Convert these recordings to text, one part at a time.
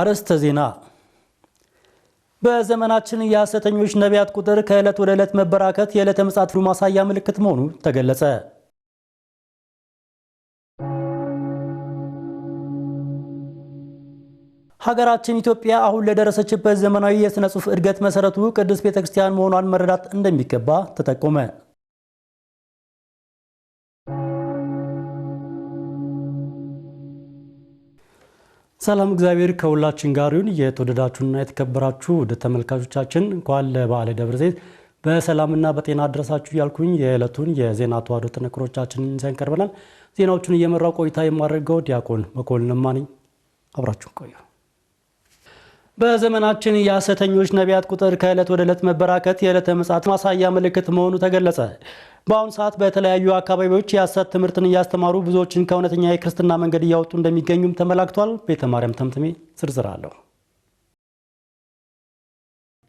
አርዕስተ ዜና። በዘመናችን የሐሰተኞች ነቢያት ቁጥር ከዕለት ወደ ዕለት መበራከት የዕለተ ምጽአቱ ማሳያ ምልክት መሆኑ ተገለጸ። ሀገራችን ኢትዮጵያ አሁን ለደረሰችበት ዘመናዊ የሥነ ጽሑፍ እድገት መሠረቱ ቅድስት ቤተ ክርስቲያን መሆኗን መረዳት እንደሚገባ ተጠቆመ። ሰላም እግዚአብሔር ከሁላችን ጋር ይሁን። የተወደዳችሁና የተከበራችሁ ወደ ተመልካቾቻችን እንኳን ለበዓለ ደብረ ዘይት በሰላምና በጤና አድረሳችሁ እያልኩኝ የዕለቱን የዜና ተዋዶ ጥንቅሮቻችንን ይዘን ቀርበናል። ዜናዎቹን እየመራው ቆይታ የማደርገው ዲያቆን መኮንን ማነኝ። አብራችሁን ቆዩ። በዘመናችን የሐሰተኞች ነቢያት ቁጥር ከዕለት ወደ ዕለት መበራከት የዕለተ ምጽአት ማሳያ ምልክት መሆኑ ተገለጸ። በአሁኑ ሰዓት በተለያዩ አካባቢዎች የሐሰት ትምህርትን እያስተማሩ ብዙዎችን ከእውነተኛ የክርስትና መንገድ እያወጡ እንደሚገኙም ተመላክቷል። ቤተ ማርያም ተምትሜ ዝርዝር አለሁ።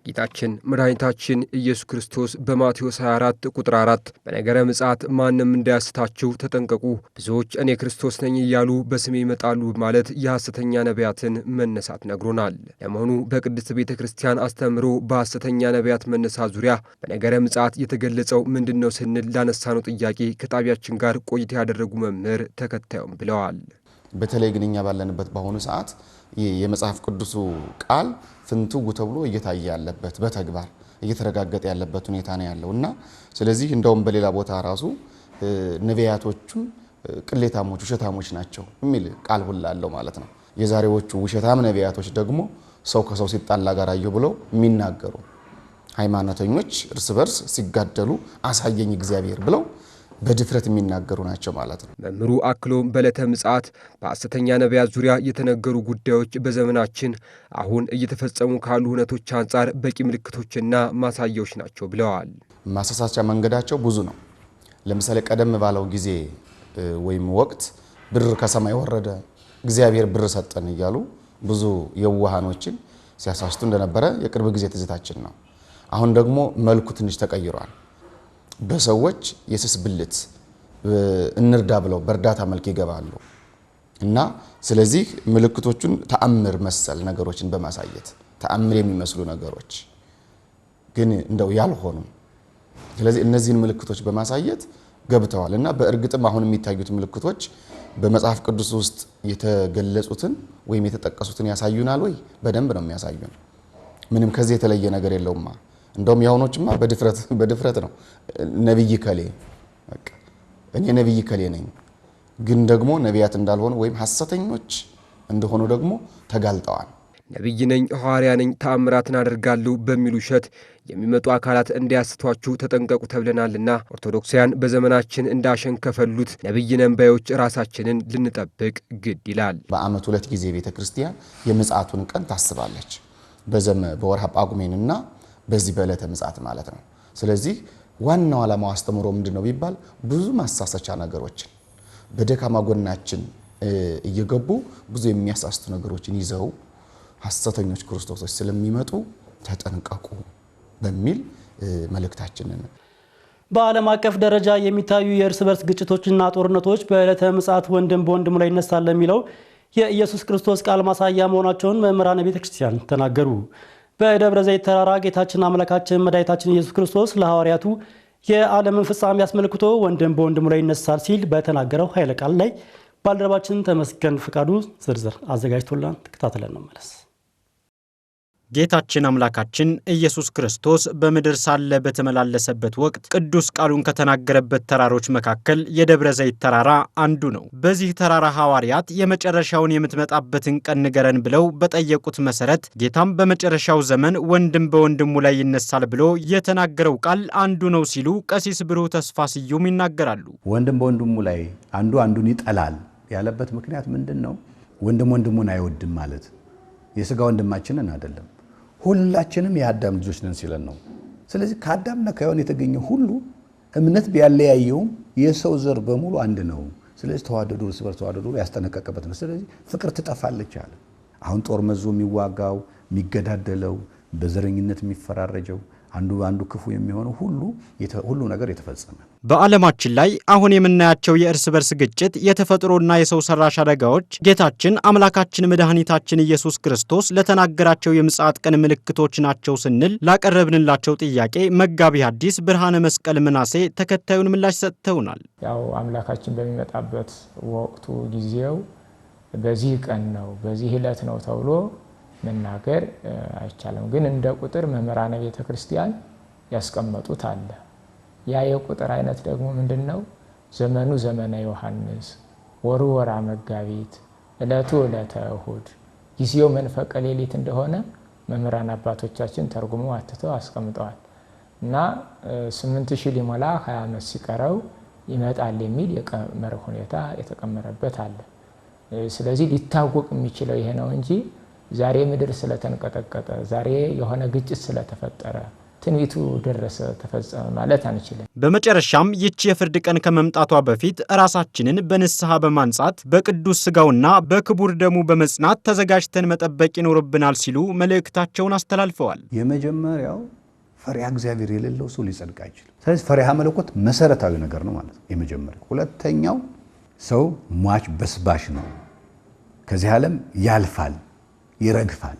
ጌታችን መድኃኒታችን ኢየሱስ ክርስቶስ በማቴዎስ 24 ቁጥር 4 በነገረ ምጽአት ማንም እንዳያስታችሁ ተጠንቀቁ፣ ብዙዎች እኔ ክርስቶስ ነኝ እያሉ በስሜ ይመጣሉ ማለት የሐሰተኛ ነቢያትን መነሳት ነግሮናል። ለመሆኑ በቅድስት ቤተ ክርስቲያን አስተምሮ በሐሰተኛ ነቢያት መነሳት ዙሪያ በነገረ ምጽአት የተገለጸው ምንድን ነው ስንል ላነሳነው ጥያቄ ከጣቢያችን ጋር ቆይታ ያደረጉ መምህር ተከታዩም ብለዋል። በተለይ ግን እኛ ባለንበት በአሁኑ ሰዓት የመጽሐፍ ቅዱሱ ቃል ፍንትው ተብሎ እየታየ ያለበት በተግባር እየተረጋገጠ ያለበት ሁኔታ ነው ያለው እና ስለዚህ እንደውም በሌላ ቦታ ራሱ ነቢያቶቹም ቅሌታሞች፣ ውሸታሞች ናቸው የሚል ቃል ሁላ አለው ማለት ነው። የዛሬዎቹ ውሸታም ነቢያቶች ደግሞ ሰው ከሰው ሲጣላ ጋር አየሁ ብለው የሚናገሩ ሃይማኖተኞች እርስ በርስ ሲጋደሉ አሳየኝ እግዚአብሔር ብለው በድፍረት የሚናገሩ ናቸው ማለት ነው። መምህሩ አክሎ በዕለተ ምጽአት በሐሰተኛ ነቢያት ዙሪያ የተነገሩ ጉዳዮች በዘመናችን አሁን እየተፈጸሙ ካሉ እውነቶች አንጻር በቂ ምልክቶችና ማሳያዎች ናቸው ብለዋል። ማሳሳቻ መንገዳቸው ብዙ ነው። ለምሳሌ ቀደም ባለው ጊዜ ወይም ወቅት ብር ከሰማይ ወረደ፣ እግዚአብሔር ብር ሰጠን እያሉ ብዙ የዋሃኖችን ሲያሳስቱ እንደነበረ የቅርብ ጊዜ ትዝታችን ነው። አሁን ደግሞ መልኩ ትንሽ ተቀይሯል። በሰዎች የስስ ብልት እንርዳ ብለው በእርዳታ መልክ ይገባሉ እና ስለዚህ ምልክቶቹን ተአምር መሰል ነገሮችን በማሳየት ተአምር የሚመስሉ ነገሮች ግን እንደው ያልሆኑ ስለዚህ እነዚህን ምልክቶች በማሳየት ገብተዋል እና በእርግጥም አሁን የሚታዩት ምልክቶች በመጽሐፍ ቅዱስ ውስጥ የተገለጹትን ወይም የተጠቀሱትን ያሳዩናል ወይ? በደንብ ነው የሚያሳዩን። ምንም ከዚህ የተለየ ነገር የለውማ። እንደውም የአሁኖችማ በድፍረት ነው ነቢይ ከሌ እኔ ነቢይ ከሌ ነኝ፣ ግን ደግሞ ነቢያት እንዳልሆኑ ወይም ሐሰተኞች እንደሆኑ ደግሞ ተጋልጠዋል። ነቢይ ነኝ፣ ሐዋርያ ነኝ፣ ተአምራትን አደርጋለሁ በሚሉ ውሸት የሚመጡ አካላት እንዲያስቷችሁ ተጠንቀቁ ተብለናልና ኦርቶዶክሳውያን በዘመናችን እንዳሸንከፈሉት ነቢይ ነን ባዮች ራሳችንን ልንጠብቅ ግድ ይላል። በዓመት ሁለት ጊዜ ቤተ ክርስቲያን የምጽአቱን ቀን ታስባለች። በወርሃ ጳጉሜንና በዚህ በዕለተ ምጽአት ማለት ነው። ስለዚህ ዋናው ዓላማው አስተምሮ ምንድን ነው ቢባል ብዙ ማሳሰቻ ነገሮችን በደካማ ጎናችን እየገቡ ብዙ የሚያሳስቱ ነገሮችን ይዘው ሐሰተኞች ክርስቶሶች ስለሚመጡ ተጠንቀቁ በሚል መልእክታችንን በዓለም አቀፍ ደረጃ የሚታዩ የእርስ በርስ ግጭቶችና ጦርነቶች በዕለተ ምጽአት ወንድም በወንድሙ ላይ ይነሳል ለሚለው የኢየሱስ ክርስቶስ ቃል ማሳያ መሆናቸውን መምህራነ ቤተክርስቲያን ተናገሩ። በደብረ ዘይት ተራራ ጌታችን አምላካችን መድኃኒታችን ኢየሱስ ክርስቶስ ለሐዋርያቱ የዓለምን ፍጻሜ አስመልክቶ ወንድም በወንድሙ ላይ ይነሳል ሲል በተናገረው ኃይለ ቃል ላይ ባልደረባችን ተመስገን ፍቃዱ ዝርዝር አዘጋጅቶላን ተከታትለን መለስ ጌታችን አምላካችን ኢየሱስ ክርስቶስ በምድር ሳለ በተመላለሰበት ወቅት ቅዱስ ቃሉን ከተናገረበት ተራሮች መካከል የደብረ ዘይት ተራራ አንዱ ነው። በዚህ ተራራ ሐዋርያት የመጨረሻውን የምትመጣበትን ቀን ንገረን ብለው በጠየቁት መሰረት ጌታም በመጨረሻው ዘመን ወንድም በወንድሙ ላይ ይነሳል ብሎ የተናገረው ቃል አንዱ ነው ሲሉ ቀሲስ ብሩህ ተስፋ ስዩም ይናገራሉ። ወንድም በወንድሙ ላይ አንዱ አንዱን ይጠላል ያለበት ምክንያት ምንድን ነው? ወንድም ወንድሙን አይወድም ማለት የስጋ ወንድማችንን አይደለም ሁላችንም የአዳም ልጆች ነን ሲለን ነው። ስለዚህ ከአዳምና ከሔዋን የተገኘ ሁሉ እምነት ቢያለያየውም የሰው ዘር በሙሉ አንድ ነው። ስለዚህ ተዋደዱ፣ እርስ በርስ ተዋደዱ ያስጠነቀቀበት ነው። ስለዚህ ፍቅር ትጠፋለች አለ። አሁን ጦር መዞ የሚዋጋው የሚገዳደለው፣ በዘረኝነት የሚፈራረጀው አንዱ በአንዱ ክፉ የሚሆኑ ሁሉ ሁሉ ነገር የተፈጸመ በዓለማችን ላይ አሁን የምናያቸው የእርስ በርስ ግጭት የተፈጥሮና የሰው ሰራሽ አደጋዎች ጌታችን አምላካችን መድኃኒታችን ኢየሱስ ክርስቶስ ለተናገራቸው የምጽአት ቀን ምልክቶች ናቸው ስንል ላቀረብንላቸው ጥያቄ መጋቢ ሐዲስ ብርሃነ መስቀል ምናሴ ተከታዩን ምላሽ ሰጥተውናል። ያው አምላካችን በሚመጣበት ወቅቱ ጊዜው በዚህ ቀን ነው፣ በዚህ ዕለት ነው ተብሎ መናገር አይቻልም። ግን እንደ ቁጥር መምህራነ ቤተ ክርስቲያን ያስቀመጡት አለ። ያ የቁጥር አይነት ደግሞ ምንድን ነው? ዘመኑ ዘመነ ዮሐንስ፣ ወሩ ወራ መጋቢት፣ እለቱ እለተ እሁድ፣ ጊዜው መንፈቀ ሌሊት እንደሆነ መምህራን አባቶቻችን ተርጉሞ አትተው አስቀምጠዋል እና ስምንት ሺህ ሊሞላ ሀያ ዓመት ሲቀረው ይመጣል የሚል የቀመር ሁኔታ የተቀመረበት አለ። ስለዚህ ሊታወቅ የሚችለው ይሄ ነው እንጂ ዛሬ ምድር ስለተንቀጠቀጠ፣ ዛሬ የሆነ ግጭት ስለተፈጠረ ትንቢቱ ደረሰ ተፈጸመ ማለት አንችልም። በመጨረሻም ይቺ የፍርድ ቀን ከመምጣቷ በፊት ራሳችንን በንስሐ በማንጻት በቅዱስ ስጋውና በክቡር ደሙ በመጽናት ተዘጋጅተን መጠበቅ ይኖርብናል ሲሉ መልእክታቸውን አስተላልፈዋል። የመጀመሪያው ፈሪሃ እግዚአብሔር የሌለው ሰው ሊጸድቅ አይችልም። ስለዚህ ፈሪሃ መለኮት መሰረታዊ ነገር ነው ማለት ነው የመጀመሪያው። ሁለተኛው ሰው ሟች በስባሽ ነው፣ ከዚህ ዓለም ያልፋል ይረግፋል፣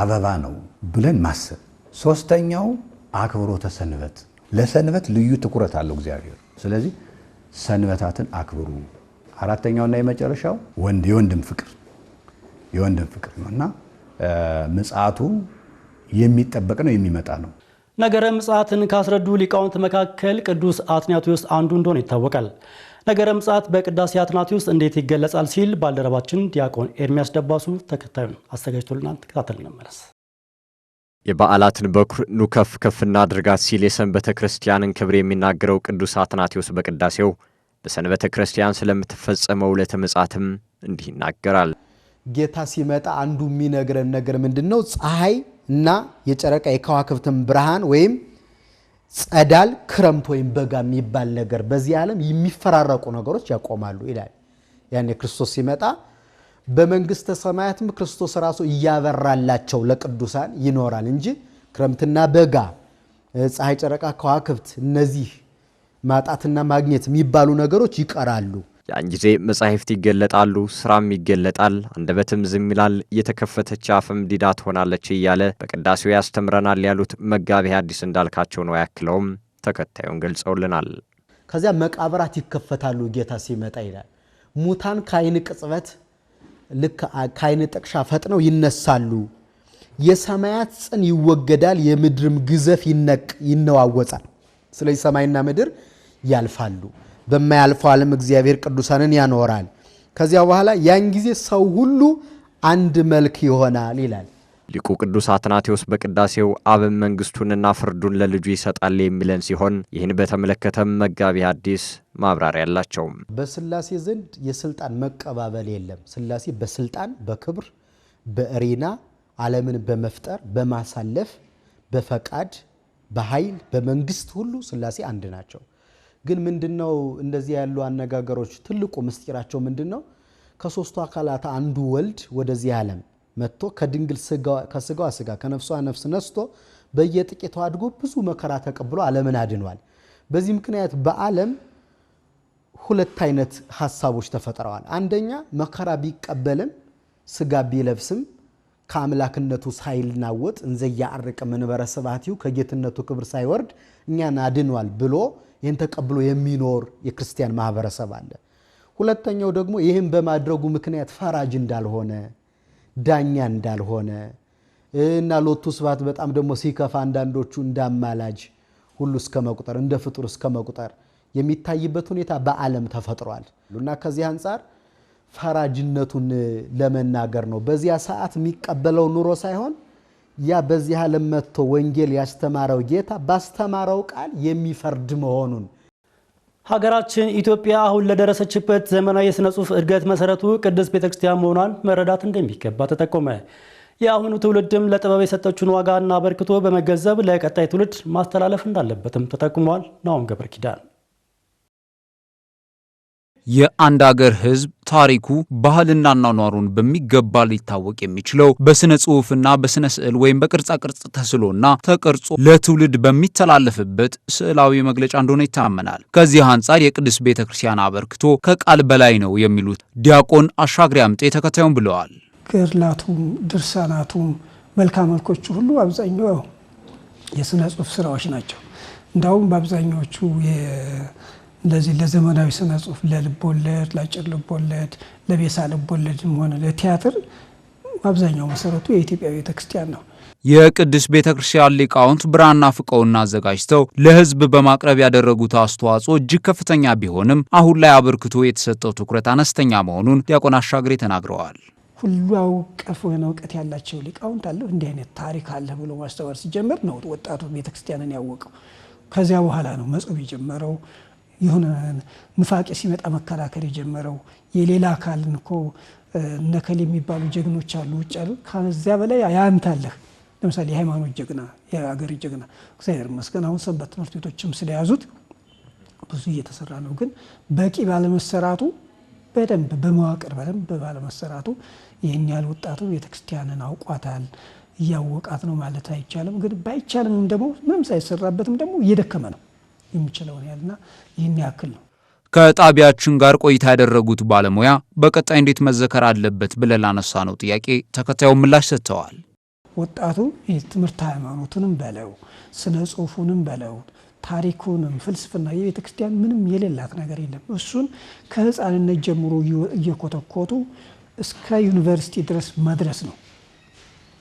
አበባ ነው ብለን ማሰብ። ሶስተኛው አክብሮተ ሰንበት፣ ለሰንበት ልዩ ትኩረት አለው እግዚአብሔር። ስለዚህ ሰንበታትን አክብሩ። አራተኛውና የመጨረሻው ወንድ የወንድም ፍቅር የወንድም ፍቅር ነው እና ምጽአቱ የሚጠበቅ ነው የሚመጣ ነው። ነገረ ምጽአትን ካስረዱ ሊቃውንት መካከል ቅዱስ አትናቴዎስ አንዱ እንደሆነ ይታወቃል። ነገረ ምጽአት በቅዳሴ አትናቴዎስ እንዴት ይገለጻል ሲል ባልደረባችን ዲያቆን ኤርሚያስ ደባሱ ተከታዩን አዘጋጅቶልናል። ተከታተል እንመለስ። የበዓላትን በኩር ኑከፍ ከፍ እናድርጋት ሲል የሰንበተ ክርስቲያንን ክብር የሚናገረው ቅዱስ አትናቴዎስ በቅዳሴው በሰንበተ ክርስቲያን ስለምትፈጸመው ለተመጻትም እንዲህ ይናገራል። ጌታ ሲመጣ አንዱ የሚነግረን ነገር ምንድን ነው? ፀሐይ እና የጨረቃ የከዋክብትን ብርሃን ወይም ጸዳል፣ ክረምት ወይም በጋ የሚባል ነገር በዚህ ዓለም የሚፈራረቁ ነገሮች ያቆማሉ ይላል። ያኔ ክርስቶስ ሲመጣ በመንግስተ ሰማያትም ክርስቶስ ራሱ እያበራላቸው ለቅዱሳን ይኖራል እንጂ ክረምትና በጋ፣ ፀሐይ፣ ጨረቃ፣ ከዋክብት እነዚህ ማጣትና ማግኘት የሚባሉ ነገሮች ይቀራሉ። ያን ጊዜ መጻሕፍት ይገለጣሉ፣ ስራም ይገለጣል፣ አንደበትም ዝም ይላል፣ የተከፈተች አፍም ዲዳ ትሆናለች እያለ በቅዳሴው ያስተምረናል ያሉት መጋቤ ሐዲስ እንዳልካቸው ነው። ያክለውም ተከታዩን ገልጸውልናል። ከዚያ መቃብራት ይከፈታሉ ጌታ ሲመጣ ይላል። ሙታን ከአይን ቅጽበት ልክ ከአይን ጥቅሻ ፈጥነው ይነሳሉ። የሰማያት ጽን ይወገዳል፣ የምድርም ግዘፍ ይነቅ ይነዋወጻል። ስለዚህ ሰማይና ምድር ያልፋሉ። በማያልፈው ዓለም እግዚአብሔር ቅዱሳንን ያኖራል። ከዚያ በኋላ ያን ጊዜ ሰው ሁሉ አንድ መልክ ይሆናል ይላል። ሊቁ ቅዱስ አትናቴዎስ በቅዳሴው አብን መንግስቱንና ፍርዱን ለልጁ ይሰጣል የሚለን ሲሆን ይህን በተመለከተም መጋቢ አዲስ ማብራሪያ አላቸውም። በስላሴ ዘንድ የስልጣን መቀባበል የለም። ስላሴ በስልጣን በክብር በእሪና ዓለምን በመፍጠር በማሳለፍ በፈቃድ በኃይል በመንግስት ሁሉ ስላሴ አንድ ናቸው። ግን ምንድነው እንደዚህ ያሉ አነጋገሮች ትልቁ ምስጢራቸው ነው? ከሶስቱ አካላት አንዱ ወልድ ወደዚህ ዓለም መጥቶ ከድንግል ከስጋዋ ስጋ ከነፍሷ ነፍስ ነስቶ በየጥቂቱ አድጎ ብዙ መከራ ተቀብሎ ዓለምን አድኗል። በዚህ ምክንያት በዓለም ሁለት አይነት ሀሳቦች ተፈጥረዋል። አንደኛ መከራ ቢቀበልም ስጋ ቢለብስም ከአምላክነቱ ሳይናወጥ እንዘያ አርቅ መንበረ ከጌትነቱ ክብር ሳይወርድ እኛን አድኗል ብሎ ይህን ተቀብሎ የሚኖር የክርስቲያን ማህበረሰብ አለ። ሁለተኛው ደግሞ ይህን በማድረጉ ምክንያት ፈራጅ እንዳልሆነ፣ ዳኛ እንዳልሆነ እና ሎቱ ስብሐት በጣም ደግሞ ሲከፋ አንዳንዶቹ እንዳማላጅ ሁሉ እስከ መቁጠር እንደ ፍጡር እስከ መቁጠር የሚታይበት ሁኔታ በዓለም ተፈጥሯል እና ከዚህ አንጻር ፈራጅነቱን ለመናገር ነው። በዚያ ሰዓት የሚቀበለው ኑሮ ሳይሆን ያ በዚህ ዓለም መጥቶ ወንጌል ያስተማረው ጌታ ባስተማረው ቃል የሚፈርድ መሆኑን ሀገራችን ኢትዮጵያ አሁን ለደረሰችበት ዘመናዊ የሥነ ጽሑፍ እድገት መሰረቱ ቅድስት ቤተክርስቲያን መሆኗን መረዳት እንደሚገባ ተጠቆመ። የአሁኑ ትውልድም ለጥበብ የሰጠችውን ዋጋና አበርክቶ በመገንዘብ ለቀጣይ ትውልድ ማስተላለፍ እንዳለበትም ተጠቁሟል። ናሁም ገብረ ኪዳን የአንድ አገር ህዝብ ታሪኩ ባህልና አኗኗሩን በሚገባ ሊታወቅ የሚችለው በስነ ጽሁፍና በስነ ስዕል ወይም በቅርጻ ቅርጽ ተስሎና ተቀርጾ ለትውልድ በሚተላለፍበት ስዕላዊ መግለጫ እንደሆነ ይታመናል። ከዚህ አንጻር የቅድስት ቤተ ክርስቲያን አበርክቶ ከቃል በላይ ነው የሚሉት ዲያቆን አሻግሪ አምጤ ተከታዩም ብለዋል። ገድላቱም ድርሳናቱም መልክዓ መልኮቹ ሁሉ አብዛኛው የስነ ጽሁፍ ስራዎች ናቸው። እንዳውም በአብዛኛዎቹ እንደዚህ ለዘመናዊ ስነ ጽሁፍ ለልቦለድ፣ ለአጭር ልቦለድ፣ ለቤሳ ልቦለድም ሆነ ለቲያትር አብዛኛው መሰረቱ የኢትዮጵያ ቤተ ክርስቲያን ነው። የቅዱስ ቤተ ክርስቲያን ሊቃውንት ብራና ፍቀውና አዘጋጅተው ለሕዝብ በማቅረብ ያደረጉት አስተዋጽኦ እጅግ ከፍተኛ ቢሆንም አሁን ላይ አበርክቶ የተሰጠው ትኩረት አነስተኛ መሆኑን ዲያቆን አሻግሬ ተናግረዋል። ሁሉ አውቀፍ የሆነ እውቀት ያላቸው ሊቃውንት አለ እንዲህ አይነት ታሪክ አለ ብሎ ማስተዋል ሲጀምር ነው ወጣቱ ቤተክርስቲያንን ያወቀው። ከዚያ በኋላ ነው መጾም የጀመረው የሆነ ንፋቄ ሲመጣ መከራከር የጀመረው የሌላ አካልን እኮ እነከል የሚባሉ ጀግኖች አሉ ውጭ አሉ። ከዚያ በላይ ያምታለህ። ለምሳሌ የሃይማኖት ጀግና፣ የሀገር ጀግና እግዚአብሔር ይመስገን አሁን ሰንበት ትምህርት ቤቶችም ስለያዙት ብዙ እየተሰራ ነው። ግን በቂ ባለመሰራቱ በደንብ በመዋቅር በደንብ ባለመሰራቱ ይህን ያህል ወጣቱ ቤተክርስቲያንን አውቋታል እያወቃት ነው ማለት አይቻልም። ግን ባይቻልም ደግሞ ምንም ሳይሰራበትም ደግሞ እየደከመ ነው። የሚችለውን ያህልና ይህን ያክል ነው። ከጣቢያችን ጋር ቆይታ ያደረጉት ባለሙያ በቀጣይ እንዴት መዘከር አለበት ብለን ላነሳ ነው ጥያቄ ተከታዩን ምላሽ ሰጥተዋል። ወጣቱ የትምህርት ሃይማኖቱንም በለው ስነ ጽሁፉንም በለው ታሪኩንም ፍልስፍና የቤተ ክርስቲያን ምንም የሌላት ነገር የለም። እሱን ከህፃንነት ጀምሮ እየኮተኮቱ እስከ ዩኒቨርሲቲ ድረስ መድረስ ነው።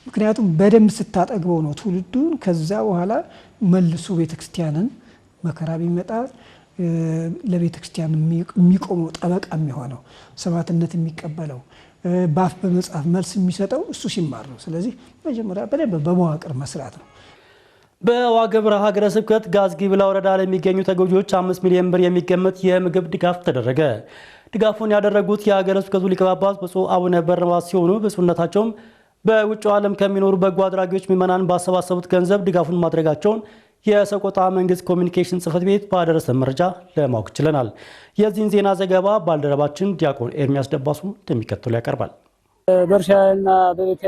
ምክንያቱም በደንብ ስታጠግበው ነው ትውልዱን ከዛ በኋላ መልሶ ቤተ ክርስቲያንን መከራ ቢመጣ ለቤተ ክርስቲያን የሚቆመው ጠበቃ የሚሆነው ሰማዕትነት የሚቀበለው በአፍ በመጽሐፍ መልስ የሚሰጠው እሱ ሲማር ነው። ስለዚህ መጀመሪያ በደንብ በመዋቅር መስራት ነው። በዋግኽምራ ሀገረ ስብከት ጋዝጊብላ ወረዳ ለሚገኙ ተጎጂዎች አምስት ሚሊዮን ብር የሚገመት የምግብ ድጋፍ ተደረገ። ድጋፉን ያደረጉት የሀገረ ስብከቱ ሊቀ ጳጳስ ብፁዕ አቡነ በርናባስ ሲሆኑ ብፁዕነታቸውም በውጭ ዓለም ከሚኖሩ በጎ አድራጊዎች ምዕመናን ባሰባሰቡት ገንዘብ ድጋፉን ማድረጋቸውን የሰቆጣ መንግስት ኮሚኒኬሽን ጽህፈት ቤት ባደረሰ መረጃ ለማወቅ ችለናል። የዚህን ዜና ዘገባ ባልደረባችን ዲያቆን ኤርሚያስ ደባሱ እንደሚከተሉ ያቀርባል። በእርሻና በቤት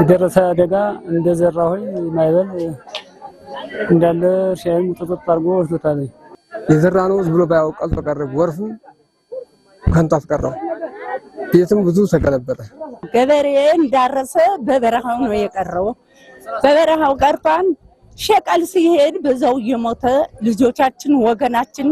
የደረሰ አደጋ እንደዘራሁኝ ማይበል እንዳለ እርሻዬን ጥጥጥ አድርጎ ወስዶታል። የዘራ ነው ብሎ ባያውቅ ቀልቶ ቀረ። ወርፉ ከንቱ አስቀረው። ቤትም ብዙ ተገለበጠ። ገበሬ እንዳረሰ በበረሃው ነው የቀረው። በበረሃው ገርባን ሸቀል ሲሄድ በዛው እየሞተ ልጆቻችን ወገናችን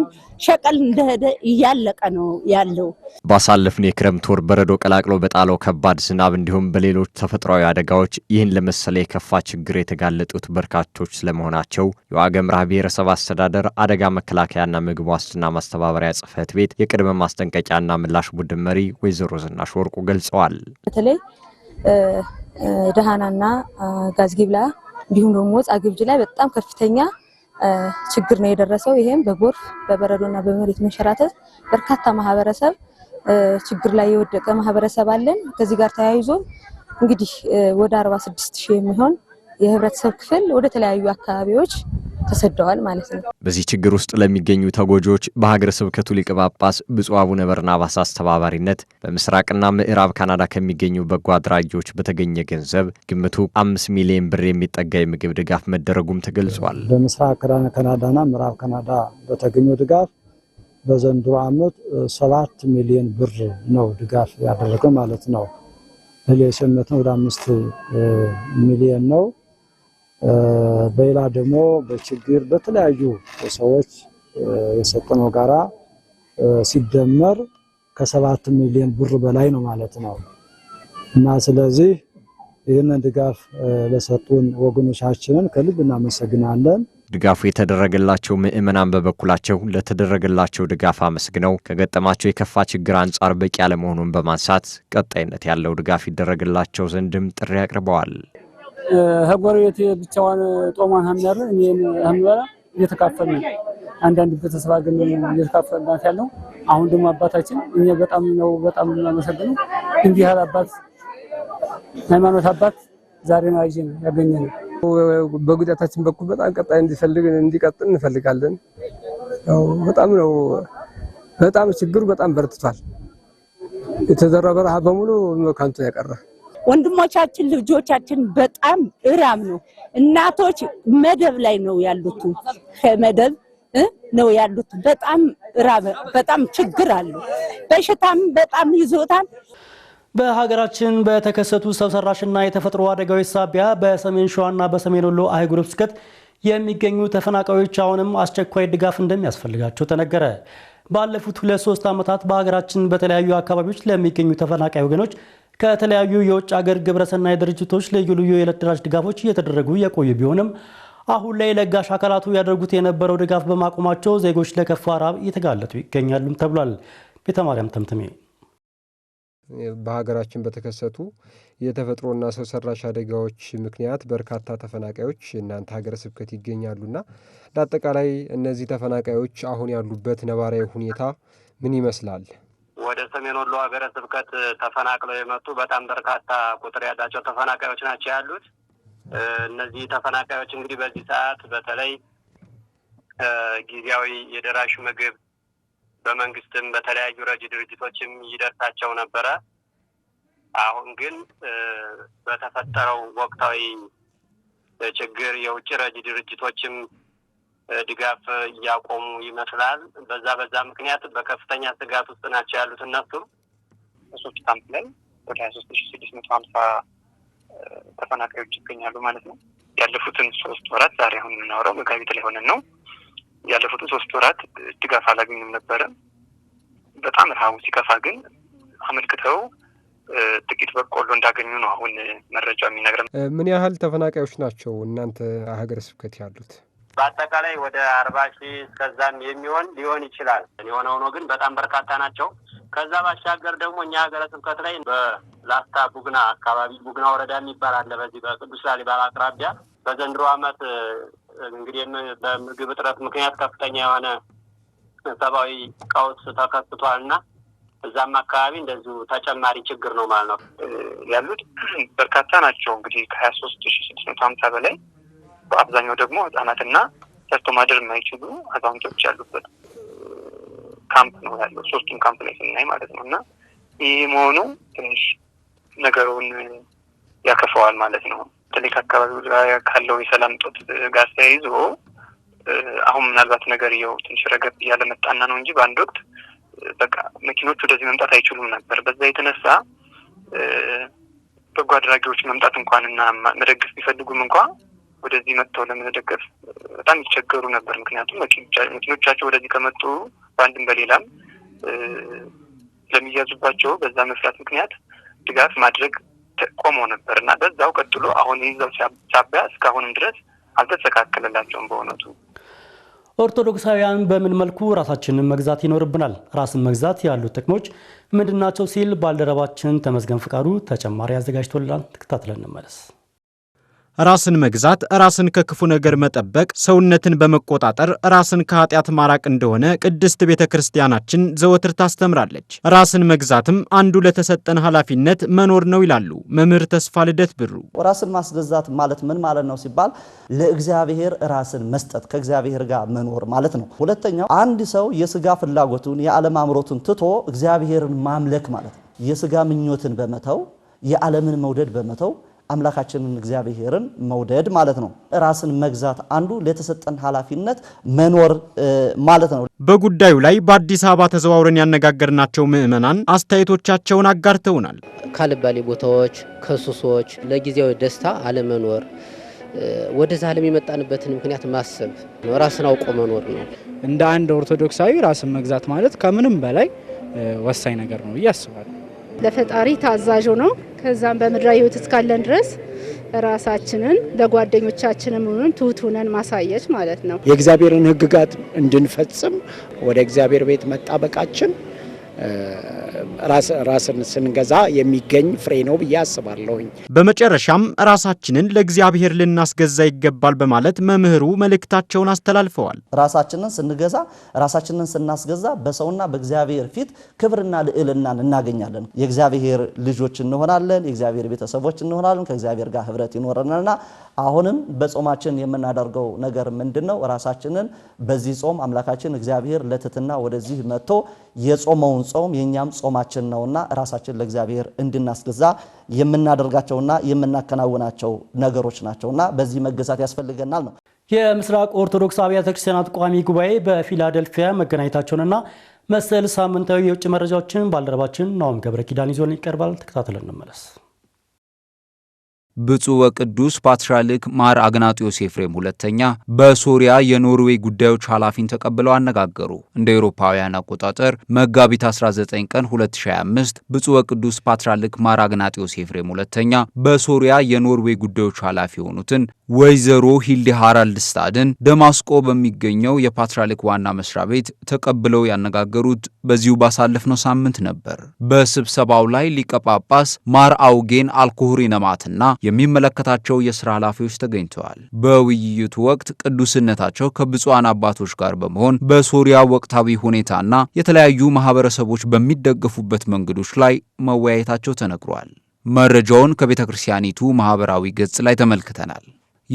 ሸቀል እንደሄደ እያለቀ ነው ያለው። ባሳለፍን የክረምት ወር በረዶ ቀላቅሎ በጣለው ከባድ ዝናብ እንዲሁም በሌሎች ተፈጥሯዊ አደጋዎች ይህን ለመሰለ የከፋ ችግር የተጋለጡት በርካቶች ስለመሆናቸው የዋገምራ ብሔረሰብ አስተዳደር አደጋ መከላከያና ምግብ ዋስትና ማስተባበሪያ ጽፈት ቤት የቅድመ ማስጠንቀቂያና ምላሽ ቡድን መሪ ወይዘሮ ዝናሽ ወርቁ ገልጸዋል። በተለይ ደሃናና ጋዝጊብላ እንዲሁም ደግሞ ጻግብጅ ላይ በጣም ከፍተኛ ችግር ነው የደረሰው። ይሄም በጎርፍ በበረዶና በመሬት መንሸራተት በርካታ ማህበረሰብ ችግር ላይ የወደቀ ማህበረሰብ አለን። ከዚህ ጋር ተያይዞ እንግዲህ ወደ 46 ሺህ የሚሆን የህብረተሰብ ክፍል ወደ ተለያዩ አካባቢዎች ተሰደዋል ማለት ነው። በዚህ ችግር ውስጥ ለሚገኙ ተጎጂዎች በሀገረ ስብከቱ ሊቀ ጳጳስ ብፁዕ አቡነ በርናባስ አስተባባሪነት በምስራቅና ምዕራብ ካናዳ ከሚገኙ በጎ አድራጊዎች በተገኘ ገንዘብ ግምቱ አምስት ሚሊዮን ብር የሚጠጋ የምግብ ድጋፍ መደረጉም ተገልጿል። በምስራቅ ካናዳና ምዕራብ ካናዳ በተገኘው ድጋፍ በዘንድሮ ዓመት ሰባት ሚሊዮን ብር ነው ድጋፍ ያደረገው ማለት ነው። ለሌሰነት ወደ አምስት ሚሊዮን ነው። በሌላ ደግሞ በችግር በተለያዩ ሰዎች የሰጠነው ጋራ ሲደመር ከሰባት ሚሊዮን ብር በላይ ነው ማለት ነው እና ስለዚህ ይህንን ድጋፍ ለሰጡን ወገኖቻችንን ከልብ እናመሰግናለን። ድጋፉ የተደረገላቸው ምዕመናን በበኩላቸው ለተደረገላቸው ድጋፍ አመስግነው ከገጠማቸው የከፋ ችግር አንጻር በቂ ያለመሆኑን በማንሳት ቀጣይነት ያለው ድጋፍ ይደረግላቸው ዘንድም ጥሪ አቅርበዋል። ከጎረቤት ብቻዋን ጦሟን ሀምያር እኔን ሀምበላ እየተካፈልን አንዳንድ ቤተሰብ ግን እየተካፈልናት ያለው አሁን ደግሞ አባታችን እኛ በጣም ነው በጣም እናመሰግነው። እንዲህ ያለ አባት ሃይማኖት አባት ዛሬ ነው አይዘን ያገኘነው። በጉዳታችን በኩል በጣም ቀጣይ እንዲፈልግ እንዲቀጥል እንፈልጋለን። ያው በጣም ነው በጣም ችግሩ በጣም በርትቷል። የተዘራ በረሃ በሙሉ ከንቱ ያቀረ ወንድሞቻችን ልጆቻችን በጣም እራም ነው። እናቶች መደብ ላይ ነው ያሉት፣ ከመደብ ነው ያሉት። በጣም እራም፣ በጣም ችግር አለ። በሽታም በጣም ይዞታል። በሀገራችን በተከሰቱ ሰው ሰራሽና የተፈጥሮ አደጋዎች ሳቢያ በሰሜን ሸዋና በሰሜን ወሎ አህጉረ ስብከት የሚገኙ ተፈናቃዮች አሁንም አስቸኳይ ድጋፍ እንደሚያስፈልጋቸው ተነገረ። ባለፉት ሁለት ሶስት ዓመታት በሀገራችን በተለያዩ አካባቢዎች ለሚገኙ ተፈናቃይ ወገኖች ከተለያዩ የውጭ ሀገር ግብረሰናይ ድርጅቶች ልዩ ልዩ የዕለት ደራሽ ድጋፎች እየተደረጉ የቆዩ ቢሆንም አሁን ላይ ለጋሽ አካላቱ ያደርጉት የነበረው ድጋፍ በማቆማቸው ዜጎች ለከፋ ራብ እየተጋለጡ ይገኛሉም ተብሏል። ቤተማርያም ተምትሜ በሀገራችን በተከሰቱ የተፈጥሮና ሰው ሰራሽ አደጋዎች ምክንያት በርካታ ተፈናቃዮች እናንተ ሀገረ ስብከት ይገኛሉና ለአጠቃላይ እነዚህ ተፈናቃዮች አሁን ያሉበት ነባራዊ ሁኔታ ምን ይመስላል? ወደ ሰሜን ወሎ ሀገረ ስብከት ተፈናቅለው የመጡ በጣም በርካታ ቁጥር ያላቸው ተፈናቃዮች ናቸው ያሉት። እነዚህ ተፈናቃዮች እንግዲህ በዚህ ሰዓት በተለይ ጊዜያዊ የደራሽ ምግብ በመንግስትም በተለያዩ ረጅ ድርጅቶችም ይደርሳቸው ነበረ። አሁን ግን በተፈጠረው ወቅታዊ ችግር የውጭ ረጅ ድርጅቶችም ድጋፍ እያቆሙ ይመስላል። በዛ በዛ ምክንያት በከፍተኛ ስጋት ውስጥ ናቸው ያሉት እነሱ ሶስት ካምፕ ላይ ወደ ሀያ ሶስት ሺ ስድስት መቶ ሀምሳ ተፈናቃዮች ይገኛሉ ማለት ነው። ያለፉትን ሶስት ወራት ዛሬ አሁን የምናወራው መጋቢት ላይ ሆነን ነው። ያለፉትን ሶስት ወራት ድጋፍ አላገኙም ነበረ። በጣም ረሃቡ ሲከፋ ግን አመልክተው ጥቂት በቆሎ እንዳገኙ ነው አሁን መረጃ የሚነግረን። ምን ያህል ተፈናቃዮች ናቸው እናንተ ሀገረ ስብከት ያሉት? በአጠቃላይ ወደ አርባ ሺህ እስከዛም የሚሆን ሊሆን ይችላል። የሆነ ሆኖ ግን በጣም በርካታ ናቸው። ከዛ ባሻገር ደግሞ እኛ ሀገረ ስብከት ላይ በላስታ ቡግና አካባቢ ቡግና ወረዳ የሚባል አለ። በዚህ በቅዱስ ላሊባባ አቅራቢያ በዘንድሮ ዓመት እንግዲህ በምግብ እጥረት ምክንያት ከፍተኛ የሆነ ሰብአዊ ቀውስ ተከስቷል እና እዛም አካባቢ እንደዚሁ ተጨማሪ ችግር ነው ማለት ነው። ያሉት በርካታ ናቸው እንግዲህ ከሀያ ሶስት ሺ ስድስት መቶ ሀምሳ በላይ በአብዛኛው ደግሞ ህጻናትና ሰርቶ ማደር የማይችሉ አዛውንቶች ያሉበት ካምፕ ነው ያለው ሶስቱም ካምፕ ላይ ስናይ ማለት ነው። እና ይህ መሆኑ ትንሽ ነገሩን ያከፈዋል ማለት ነው። በተለይ ከአካባቢው ካለው የሰላም ጦት ጋር ተያይዞ አሁን ምናልባት ነገር የው ትንሽ ረገብ እያለመጣና ነው እንጂ በአንድ ወቅት በቃ መኪኖች ወደዚህ መምጣት አይችሉም ነበር። በዛ የተነሳ በጎ አድራጊዎች መምጣት እንኳን እና መደገፍ ቢፈልጉም እንኳ ወደዚህ መጥተው ለመደገፍ በጣም ይቸገሩ ነበር። ምክንያቱም መኪኖቻቸው ወደዚህ ከመጡ በአንድም በሌላም ስለሚያዙባቸው በዛ መፍራት ምክንያት ድጋፍ ማድረግ ቆሞ ነበር እና በዛው ቀጥሎ አሁን ይዘው ሳቢያ እስካሁንም ድረስ አልተስተካከለላቸውም በእውነቱ ኦርቶዶክሳውያን በምን መልኩ ራሳችንን መግዛት ይኖርብናል? ራስን መግዛት ያሉት ጥቅሞች ምንድናቸው? ሲል ባልደረባችን ተመስገን ፍቃዱ ተጨማሪ አዘጋጅቶላል። ተከታትለን እንመለስ። ራስን መግዛት፣ ራስን ከክፉ ነገር መጠበቅ፣ ሰውነትን በመቆጣጠር ራስን ከኃጢአት ማራቅ እንደሆነ ቅድስት ቤተ ክርስቲያናችን ዘወትር ታስተምራለች። ራስን መግዛትም አንዱ ለተሰጠን ኃላፊነት መኖር ነው ይላሉ መምህር ተስፋ ልደት ብሩ። ራስን ማስገዛት ማለት ምን ማለት ነው ሲባል ለእግዚአብሔር ራስን መስጠት፣ ከእግዚአብሔር ጋር መኖር ማለት ነው። ሁለተኛው አንድ ሰው የስጋ ፍላጎቱን የዓለም አምሮቱን ትቶ እግዚአብሔርን ማምለክ ማለት ነው። የስጋ ምኞትን በመተው የዓለምን መውደድ በመተው አምላካችንን እግዚአብሔርን መውደድ ማለት ነው። ራስን መግዛት አንዱ ለተሰጠን ኃላፊነት መኖር ማለት ነው። በጉዳዩ ላይ በአዲስ አበባ ተዘዋውረን ያነጋገርናቸው ምዕመናን አስተያየቶቻቸውን አጋርተውናል። ካልባሌ ቦታዎች፣ ከሱሶች፣ ለጊዜያዊ ደስታ አለመኖር ወደዛ ለሚመጣንበትን ምክንያት ማሰብ ራስን አውቆ መኖር ነው። እንደ አንድ ኦርቶዶክሳዊ ራስን መግዛት ማለት ከምንም በላይ ወሳኝ ነገር ነው ብዬ አስባለሁ። ለፈጣሪ ታዛዥ ነው ከዛም በምድራዊ ህይወት እስካለን ድረስ ራሳችንን ለጓደኞቻችንም ሆነን ትሁት ሆነን ማሳየት ማለት ነው። የእግዚአብሔርን ህግጋት እንድንፈጽም ወደ እግዚአብሔር ቤት መጣበቃችን ራስን ስንገዛ የሚገኝ ፍሬ ነው ብዬ አስባለሁኝ። በመጨረሻም ራሳችንን ለእግዚአብሔር ልናስገዛ ይገባል በማለት መምህሩ መልእክታቸውን አስተላልፈዋል። ራሳችንን ስንገዛ ራሳችንን ስናስገዛ በሰውና በእግዚአብሔር ፊት ክብርና ልዕልናን እናገኛለን። የእግዚአብሔር ልጆች እንሆናለን። የእግዚአብሔር ቤተሰቦች እንሆናለን። ከእግዚአብሔር ጋር ህብረት ይኖረናልና አሁንም በጾማችን የምናደርገው ነገር ምንድን ነው? ራሳችንን በዚህ ጾም አምላካችን እግዚአብሔር ለትትና ወደዚህ መጥቶ የጾመውን ጾም የእኛም ጾም ጥቅማችን ነውና ራሳችን ለእግዚአብሔር እንድናስገዛ የምናደርጋቸውና የምናከናውናቸው ነገሮች ናቸውና በዚህ መገዛት ያስፈልገናል ነው። የምስራቅ ኦርቶዶክስ አብያተ ክርስቲያናት ቋሚ ጉባኤ በፊላደልፊያ መገናኘታቸውንና መሰል ሳምንታዊ የውጭ መረጃዎችን ባልደረባችን ናውም ገብረ ኪዳን ይቀርባል። ተከታትለን እንመለስ። ብፁዕ ወቅዱስ ፓትርያርክ ማር አግናጢዮስ ኤፍሬም ሁለተኛ በሶሪያ የኖርዌይ ጉዳዮች ኃላፊን ተቀብለው አነጋገሩ። እንደ አውሮፓውያን አቆጣጠር መጋቢት 19 ቀን 2025 ብፁዕ ወቅዱስ ፓትርያርክ ማር አግናጢዮስ ኤፍሬም ሁለተኛ በሶሪያ የኖርዌይ ጉዳዮች ኃላፊ የሆኑትን ወይዘሮ ሂልዲ ሃራልድ ስታድን ደማስቆ በሚገኘው የፓትርያርክ ዋና መስሪያ ቤት ተቀብለው ያነጋገሩት በዚሁ ባሳለፍነው ሳምንት ነበር። በስብሰባው ላይ ሊቀ ጳጳስ ማር አውጌን አልኩሁሪ ነማትና የሚመለከታቸው የስራ ኃላፊዎች ተገኝተዋል። በውይይቱ ወቅት ቅዱስነታቸው ከብፁዓን አባቶች ጋር በመሆን በሶሪያ ወቅታዊ ሁኔታና የተለያዩ ማህበረሰቦች በሚደገፉበት መንገዶች ላይ መወያየታቸው ተነግሯል። መረጃውን ከቤተ ክርስቲያኒቱ ማህበራዊ ገጽ ላይ ተመልክተናል።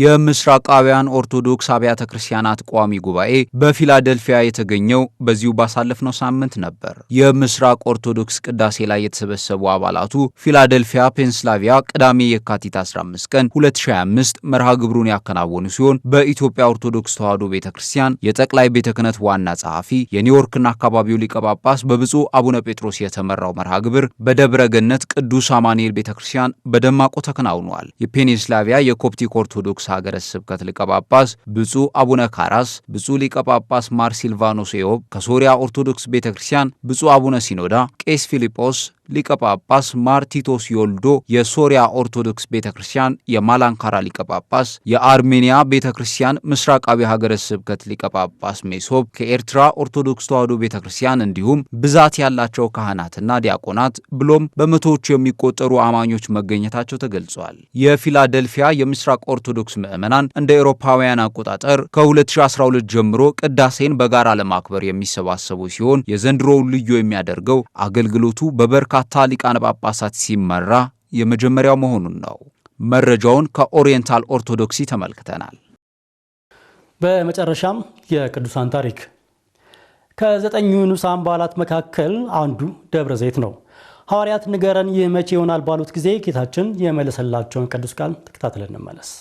የምስራቃውያን ኦርቶዶክስ አብያተ ክርስቲያናት ቋሚ ጉባኤ በፊላደልፊያ የተገኘው በዚሁ ባሳለፍነው ሳምንት ነበር። የምስራቅ ኦርቶዶክስ ቅዳሴ ላይ የተሰበሰቡ አባላቱ ፊላደልፊያ ፔንስላቪያ ቅዳሜ የካቲት 15 ቀን 2025 መርሃ ግብሩን ያከናወኑ ሲሆን በኢትዮጵያ ኦርቶዶክስ ተዋሕዶ ቤተ ክርስቲያን የጠቅላይ ቤተ ክህነት ዋና ጸሐፊ የኒውዮርክና አካባቢው ሊቀ ጳጳስ በብፁዕ አቡነ ጴጥሮስ የተመራው መርሃ ግብር በደብረ ገነት ቅዱስ አማኑኤል ቤተ ክርስቲያን በደማቁ ተከናውኗል። የፔንስላቪያ የኮፕቲክ ኦርቶዶክስ ኦርቶዶክስ ሀገረ ስብከት ሊቀ ጳጳስ ብፁዕ አቡነ ካራስ፣ ብፁዕ ሊቀ ጳጳስ ማር ሲልቫኖስ ኢዮብ ከሶሪያ ኦርቶዶክስ ቤተ ክርስቲያን፣ ብፁዕ አቡነ ሲኖዳ፣ ቄስ ፊልጶስ ሊቀ ጳጳስ ማርቲቶስ ዮልዶ የሶሪያ ኦርቶዶክስ ቤተ ክርስቲያን የማላንካራ ሊቀ ጳጳስ፣ የአርሜኒያ ቤተ ክርስቲያን ምስራቃዊ ሀገረ ስብከት ሊቀ ጳጳስ ሜሶብ፣ ከኤርትራ ኦርቶዶክስ ተዋሕዶ ቤተ ክርስቲያን እንዲሁም ብዛት ያላቸው ካህናትና ዲያቆናት ብሎም በመቶዎች የሚቆጠሩ አማኞች መገኘታቸው ተገልጿል። የፊላደልፊያ የምስራቅ ኦርቶዶክስ ምዕመናን እንደ ኤሮፓውያን አቆጣጠር ከ2012 ጀምሮ ቅዳሴን በጋራ ለማክበር የሚሰባሰቡ ሲሆን የዘንድሮውን ልዩ የሚያደርገው አገልግሎቱ በበር በበርካታ ሊቃነ ጳጳሳት ሲመራ የመጀመሪያው መሆኑን ነው። መረጃውን ከኦሪየንታል ኦርቶዶክሲ ተመልክተናል። በመጨረሻም የቅዱሳን ታሪክ ከዘጠኙ ንዑሳን በዓላት መካከል አንዱ ደብረ ዘይት ነው። ሐዋርያት ንገረን ይህ መቼ ይሆናል ባሉት ጊዜ ጌታችን የመለሰላቸውን ቅዱስ ቃል ተከታትለን እንመለስ።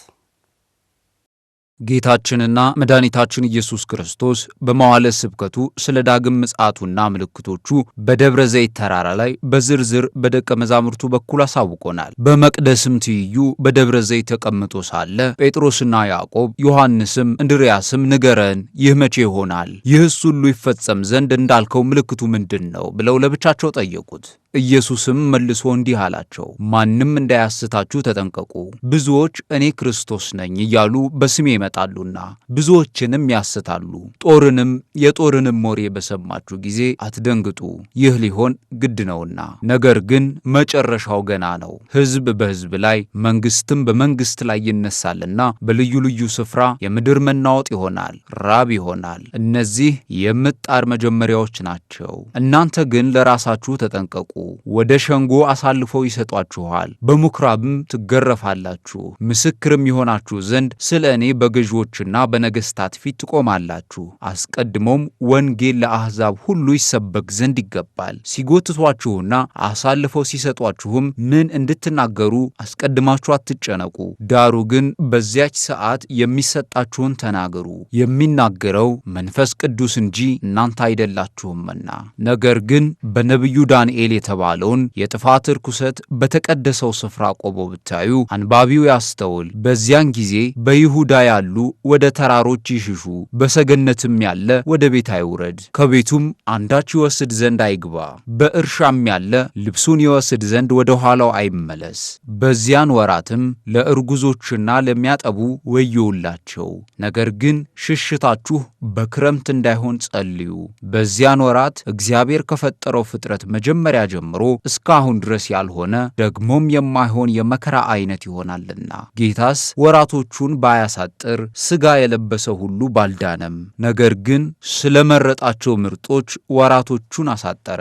ጌታችንና መድኃኒታችን ኢየሱስ ክርስቶስ በመዋለ ስብከቱ ስለ ዳግም ምጽአቱና ምልክቶቹ በደብረ ዘይት ተራራ ላይ በዝርዝር በደቀ መዛሙርቱ በኩል አሳውቆናል። በመቅደስም ትይዩ በደብረ ዘይት ተቀምጦ ሳለ ጴጥሮስና ያዕቆብ ዮሐንስም እንድርያስም ንገረን፣ ይህ መቼ ይሆናል? ይህስ ሁሉ ይፈጸም ዘንድ እንዳልከው ምልክቱ ምንድን ነው? ብለው ለብቻቸው ጠየቁት። ኢየሱስም መልሶ እንዲህ አላቸው፣ ማንም እንዳያስታችሁ ተጠንቀቁ። ብዙዎች እኔ ክርስቶስ ነኝ እያሉ በስሜ ይመጣሉና ብዙዎችንም ያስታሉ። ጦርንም የጦርንም ወሬ በሰማችሁ ጊዜ አትደንግጡ፣ ይህ ሊሆን ግድ ነውና። ነገር ግን መጨረሻው ገና ነው። ሕዝብ በሕዝብ ላይ መንግስትም በመንግስት ላይ ይነሳልና በልዩ ልዩ ስፍራ የምድር መናወጥ ይሆናል፣ ራብ ይሆናል። እነዚህ የምጣር መጀመሪያዎች ናቸው። እናንተ ግን ለራሳችሁ ተጠንቀቁ ወደ ሸንጎ አሳልፈው ይሰጧችኋል፣ በምኵራብም ትገረፋላችሁ፣ ምስክርም የሆናችሁ ዘንድ ስለ እኔ በገዢዎችና በነገሥታት ፊት ትቆማላችሁ። አስቀድሞም ወንጌል ለአሕዛብ ሁሉ ይሰበክ ዘንድ ይገባል። ሲጎትቷችሁና አሳልፈው ሲሰጧችሁም ምን እንድትናገሩ አስቀድማችሁ አትጨነቁ። ዳሩ ግን በዚያች ሰዓት የሚሰጣችሁን ተናገሩ፣ የሚናገረው መንፈስ ቅዱስ እንጂ እናንተ አይደላችሁምና። ነገር ግን በነቢዩ ዳንኤል የተ የተባለውን የጥፋት ርኩሰት በተቀደሰው ስፍራ ቆሞ ብታዩ አንባቢው ያስተውል። በዚያን ጊዜ በይሁዳ ያሉ ወደ ተራሮች ይሽሹ፣ በሰገነትም ያለ ወደ ቤት አይውረድ፣ ከቤቱም አንዳች ይወስድ ዘንድ አይግባ፣ በእርሻም ያለ ልብሱን ይወስድ ዘንድ ወደ ኋላው አይመለስ። በዚያን ወራትም ለእርጉዞችና ለሚያጠቡ ወዮላቸው። ነገር ግን ሽሽታችሁ በክረምት እንዳይሆን ጸልዩ። በዚያን ወራት እግዚአብሔር ከፈጠረው ፍጥረት መጀመሪያ ጀምሮ እስካሁን ድረስ ያልሆነ ደግሞም የማይሆን የመከራ አይነት ይሆናልና ጌታስ ወራቶቹን ባያሳጥር ሥጋ የለበሰ ሁሉ ባልዳነም። ነገር ግን ስለመረጣቸው ምርጦች ወራቶቹን አሳጠረ።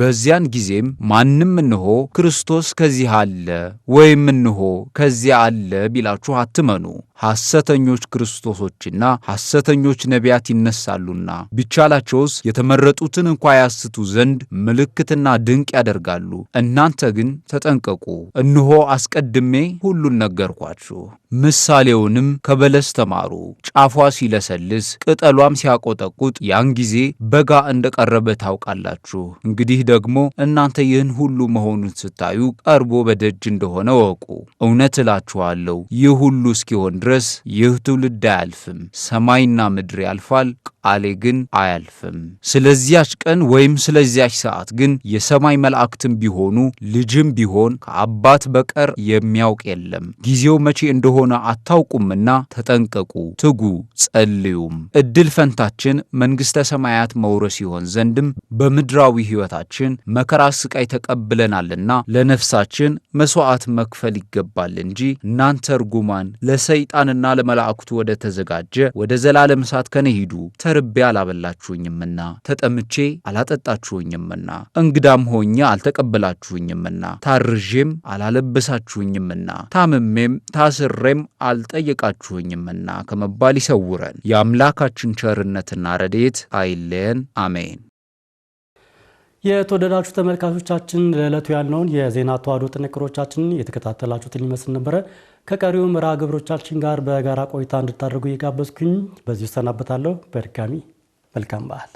በዚያን ጊዜም ማንም እንሆ ክርስቶስ ከዚህ አለ ወይም እንሆ ከዚያ አለ ቢላችሁ አትመኑ። ሐሰተኞች ክርስቶሶችና ሐሰተኞች ነቢያት ይነሳሉና ቢቻላቸውስ የተመረጡትን እንኳ ያስቱ ዘንድ ምልክትና ድንቅ ያደርጋሉ። እናንተ ግን ተጠንቀቁ፣ እነሆ አስቀድሜ ሁሉን ነገርኳችሁ። ምሳሌውንም ከበለስ ተማሩ። ጫፏ ሲለሰልስ ቅጠሏም ሲያቆጠቁጥ ያን ጊዜ በጋ እንደቀረበ ታውቃላችሁ። እንግዲህ ደግሞ እናንተ ይህን ሁሉ መሆኑን ስታዩ ቀርቦ በደጅ እንደሆነ ወቁ። እውነት እላችኋለሁ ይህ ሁሉ እስኪሆን ድረስ ድረስ ይህ ትውልድ አያልፍም። ሰማይና ምድር ያልፋል፣ ቃሌ ግን አያልፍም። ስለዚያች ቀን ወይም ስለዚያች ሰዓት ግን የሰማይ መላእክትም ቢሆኑ ልጅም ቢሆን ከአባት በቀር የሚያውቅ የለም። ጊዜው መቼ እንደሆነ አታውቁምና ተጠንቀቁ፣ ትጉ፣ ጸልዩም። እድል ፈንታችን መንግሥተ ሰማያት መውረስ ይሆን ዘንድም በምድራዊ ሕይወታችን መከራ ስቃይ ተቀብለናልና ለነፍሳችን መሥዋዕት መክፈል ይገባል እንጂ እናንተ እርጉማን ለሰይጣን ለሰይጣንና ለመላእክቱ ወደ ተዘጋጀ ወደ ዘላለም እሳት ከኔ ሂዱ፣ ተርቤ አላበላችሁኝምና፣ ተጠምቼ አላጠጣችሁኝምና፣ እንግዳም ሆኜ አልተቀበላችሁኝምና፣ ታርዤም አላለበሳችሁኝምና፣ ታምሜም ታስሬም አልጠየቃችሁኝምና ከመባል ይሰውረን። የአምላካችን ቸርነትና ረድኤት አይለየን። አሜን። የተወደዳችሁ ተመልካቾቻችን ለዕለቱ ያልነውን የዜና ተዋሕዶ ጥንቅሮቻችን የተከታተላችሁትን ይመስል ነበረ። ከቀሪው መርሃ ግብሮቻችን ጋር በጋራ ቆይታ እንድታደርጉ እየጋበዝኩኝ በዚሁ እሰናበታለሁ። በድጋሚ መልካም በዓል